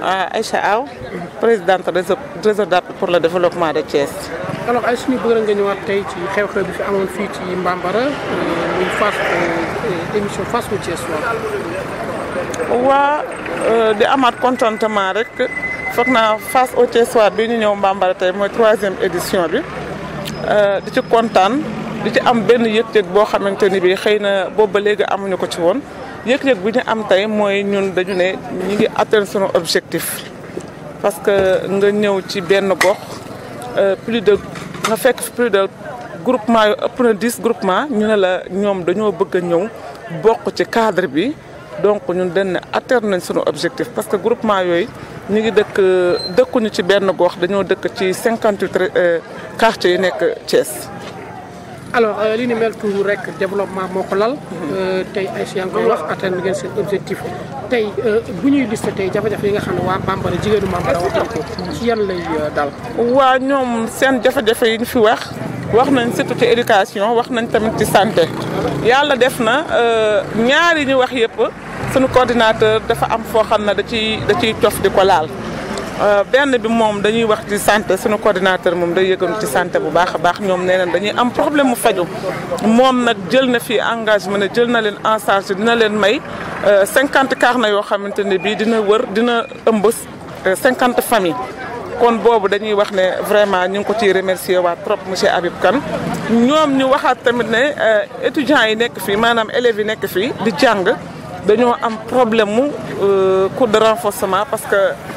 Ah, Aïcha Aw présidente réseau réseau pour le développement de Thiès. alors ay suñu bëgg nga ñëwaat tey ci xew-xew bi fi amoon fii ci Mbambara euh, muy face euh, émission face au Thiès waa euh, di amaat contentement rek foog naa face au Thiès bi ñu ñëw Mbambara tey mooy troisième édition bi di ci kontaan di ci am ben yëg-yëg boo xamante ni bi xëy na boobu ba léegi amuñu ko ci yëg-yëg bi ñu am tey mooy ñun dañu ne ñu ngi atteindre sunu objectif parce que nga ñëw ci benn gox euh, plus de nga fekk plus de groupement yu ëpp na dix groupement ñu ne la ñoom dañoo bëgg a ñëw bokk ci cadre bi donc ñun dañ ne atteindre nañ sunu objectif parce que groupement yooyu ñu ngi dëkk dëkkuñu ci benn gox dañoo dëkk ci cinquante-huit euh, quartiers yu nekk Thiès. alors euh, li ni mel rek développement moo ko lal. Euh, tey ay si yaa ngi wax atteindre ngeen seen objectif tey euh, bu ñuy liste tey jafe-jafe yi nga xam ne waa Bambara jigéenu Bambara wax nañ ko ci lay dal. waa ñoom seen jafe-jafe yi ñu fi wax wax nañ surtout ci éducation wax nañ tamit ci sante yàlla def na ñaari ñu wax yëpp sunu coordinateur dafa am foo xam ne da ciy da ciy cof di ko laal. Euh, benn bi moom dañuy wax ci santé suñu coordinateur moom day yëgam ci santé bu baax a baax ñoom nee nañ dañuy am problème mu faju moom nag jël na fii engagement ne jël na leen en charge dina leen may euh, cinquante carnet yoo xamante ne bii dina wër dina ëmb 50 euh, famille kon boobu dañuy wax ne vraiment ñu ngi ko ciy remercier waa trop monsieur Habib kan ñoom ñu waxaat tamit ne étudiants yi nekk fii maanaam élèves yi nekk fii di jàng dañoo am problème mu cours de renforcement parce que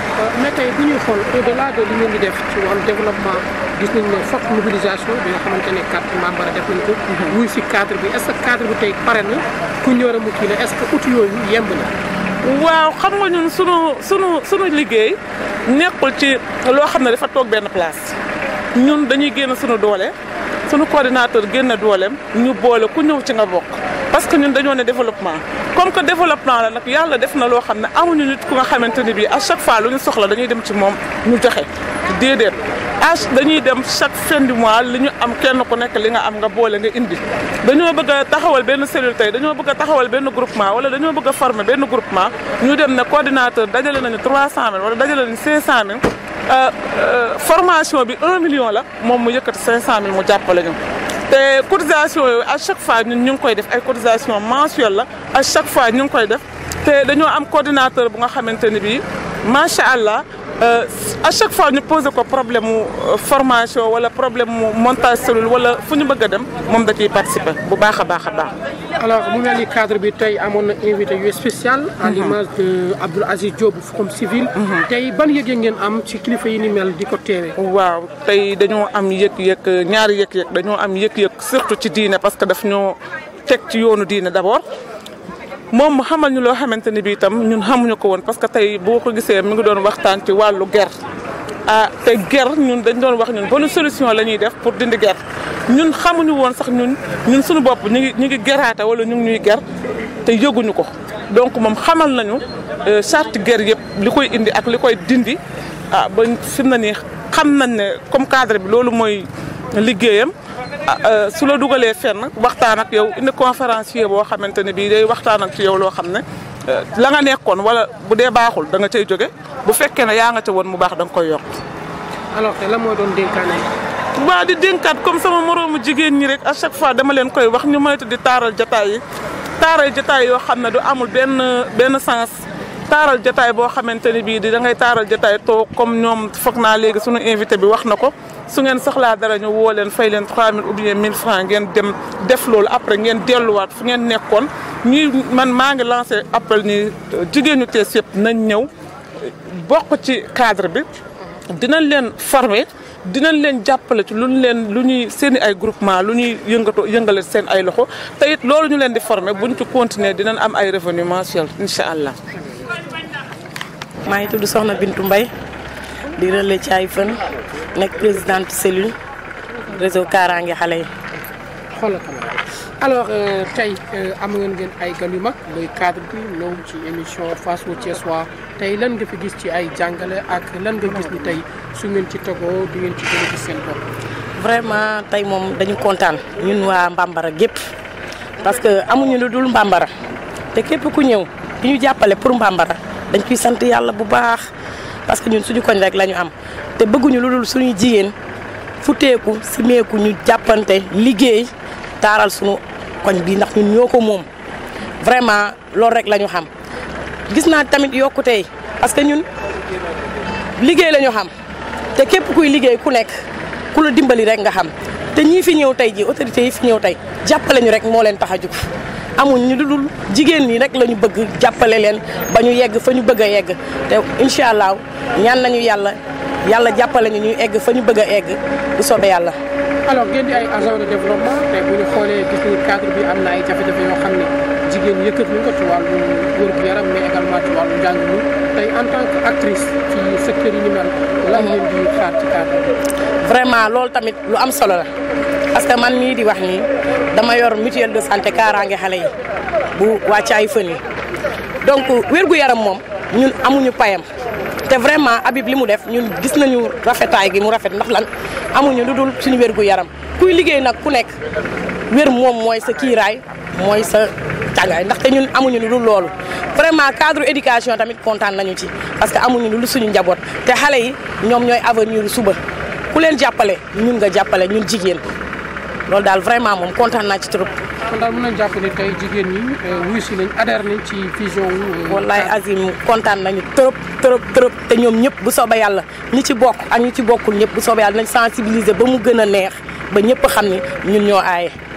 Euh, mais tey bu ñuy xool au delà de li ngeen di def ci wàllu développement gis nañ ne forte mobilisation bi nga xamante ne carte membre def nañ ko. Mhm. wuy si cadre bi est-ce que cadre bi tey pare na ku ñëw mu kii la est-ce que outil yooyu yemb na. waaw xam nga ñun sunu sunu sunu liggéey nekkul ci loo xam ne dafa toog benn place ñun dañuy génn sunu doole sunu coordinateur génn dooleem ñu boole ku ñëw ci nga bokk parce que ñun dañoo ne développement. comme que développement la nag yàlla def na loo xam ne amuñu nit ku nga xamante ne bii à chaque fois lu ñu soxla dañuy dem ci moom ñu joxe déedéet ah dañuy dem chaque fin du mois li ñu am kenn ku nekk li nga am nga boole nga indi dañoo bëgg taxawal benn cellule tey dañoo bëgg a taxawal benn groupement wala dañoo bëgg forme benn groupement ñu dem ne coordinateur dajale nañu 300000 wala dajale nañu 500000 euh, euh, formation bi 1 million la moom mu yëkkati 500000 mu jàppale ñu. te cotisation yooyu à chaque fois ñun ñu ngi koy def ay cotisation mensuelle la à chaque fois ñu ngi koy def te dañoo am coordinateur bu nga xamante ni bii macha allah. Euh, à chaque fois ñu posé ko problème euh, formation wala problème mu montage cellule wala fu ñu bëgg dem moom da ciy participer bu baax a baax a baax. alors mu mel ni cadre bi tey amoon na invité yu spécial. à mhm. l'image de Abdoul Aziz Diop Forum Civil. Mhm. tey ban yëg ngeen am ci kilifa yi ni mel di ko teewee. waaw tey dañoo am yëg-yëg ñaari yëg-yëg dañoo am yëg-yëg surtout ci diine parce que daf ñoo teg ci yoonu diine d'abord. moom xamal ñu loo xamante ni bi itam ñun xamuñu ko woon parce que tey boo ko gisee mu ngi doon waxtaan ci wàllu ger ah te ger ñun dañ doon wax ñun bonne solution la ñuy def pour dindi ger ñun xamuñu woon sax ñun ñun suñu bopp ñu ngi ñu ngi geraate wala ñu ngi ñuy ger te yëguñu ko donc moom xamal nañu euh, charte ger yëpp li koy indi ak li koy dindi ah ba fi mu na nii xam nañ ne comme cadre bi loolu mooy liggéeyam Ah, euh, su la dugalee fenn waxtaan ak yow indi conférencier boo xamante ne bii day waxtaan ak ci yow loo xam ne euh, la nga nekkoon wala bu dee baaxul da nga cay jóge bu fekkee ne yaa nga ca woon mu baax danga koy yokk. alors que la moo doon dénkaane waa di dénkaat comme sama moroomu jigéen ñi rek a chaque fois dama leen koy wax ñu moytu di taaral jataay yi taaral yoo xam ne du amul benn benn sens taaral jataay boo xamante ni bii di da ngay taaral jataay toog comme ñoom foog naa léegi suñu invité bi wax na ko su ngeen soxlaa dara ñu woo leen fay leen 3000 ou bien 1000 francs ngeen dem def loolu après ngeen delluwaat fu ngeen nekkoon ñuy man maa ngi lancé appel ñi euh, jigéenu Thiès yëpp nañ ñëw bokk ci cadre bi dinañ leen former dinañ leen jàppale ci lu leen lu ñuy seen ay groupement lu ñuy yëngatoo yëngale seen ay loxo te it loolu ñu leen di former buñ ci continuer dinan am ay revenu mensuel incha allah. maa ngi tudd Soxna Bintu Mbaye di relais ci ay fan nekk présidente cellule réseau kaaraange xale yi. alors euh, tey euh, am ngeen ngeen ay gan yu mag muy cadre bi ñëw ci émission Face au Thiessois tey lan nga gis ci ay jàngale ak lan nga gis ni tey su ngeen ci togoo di ngeen ci gën a bopp. vraiment tey moom dañu kontaan ñun waa Mbambara gépp parce que amuñu lu dul Mbambara te képp ku ñëw di ñu jàppale pour Mbambara dañ ciy sant yàlla bu baax. parce que ñun suñu koñ rek lañu am te bëgguñu lu dul suñuy jigéen futeeku simeeku ñu jàppante liggéey taaral suñu koñ bi ndax ñun ñoo ko moom vraiment loolu rek la ñu xam gis naa tamit yokkute yi parce que ñun liggéey lañu xam te képp kuy liggéey ku nekk ku la dimbali rek nga xam te ñii fi ñëw tey ji autorités yi fi ñëw tey jàppale ñu rek moo leen tax a jug amuñ ñu dul jigéen ñi rek la ñu bëgg jàppale leen ba ñu yegg fa ñu bëgg a yegg te incha allah ñaan nañu yàlla yàlla jàppale ñu ñu egg fa ñu bëgg a egg bu soobee yàlla. alors ngeen di ay agent de développement te bu ñu xoolee gis ni cadre bi am na ay jafe-jafe yoo xam ne jigéen yëkkat ñu ko ci wàllu góor gu yaram mais également ci wàllu njàng mi tey en tant que actrice ci secteur yi ni mel lan ngeen di xaar ci vraiment loolu tamit lu am solo la. parce que man mii di wax nii dama yor mutuelle de santé kaaraange xale yi bu wàcc ay fën yi donc wér-gu-yaram moom ñun amuñu payam te vraiment Habib li mu def ñun gis nañu rafetaay gi mu rafet ndax lan amuñu lu dul suñu wér-gu-yaram kuy liggéey nag ku nekk wér moom mooy sa kiiraay mooy sa càngaay ndaxte ñun amuñu lu dul loolu vraiment cadre éducation tamit kontaan nañu ci parce que amuñu lu suñu njaboot te xale yi ñoom ñooy avenir suba ku leen jàppale ñun nga jàppale ñun jigéen loolu daal vraiment moom kontaan naa ci trop. kon daal mën nañu jàpp ne jigéen ñi euh, wuyu si nañ ci vision wu. Euh, wallaay kontaan nañu trop trop trop te ñoom ñëpp bu soobee yàlla ñu ci bokk ak ñu ci bokkul ñëpp bu soobee yàlla nañ sensibiliser ba mu gën a neex ba ñëpp xam ni ñun ñoo aaye.